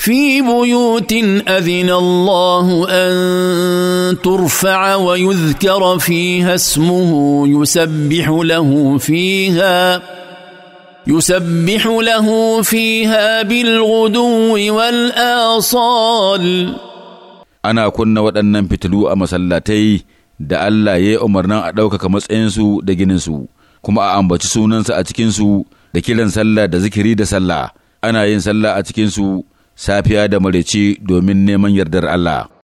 في بيوت اذن الله ان ترفع ويذكر فيها اسمه يسبح له فيها يسبح له فيها بالغدو والآصال أنا كنا waɗannan fitilu a masallatai da Allah ya yi umarnin a ɗaukaka matsayinsu da gininsu, kuma a ambaci sunansa a cikinsu da kiran sallah da zikiri da sallah, ana yin sallah a cikinsu safiya da maraice domin neman yardar Allah.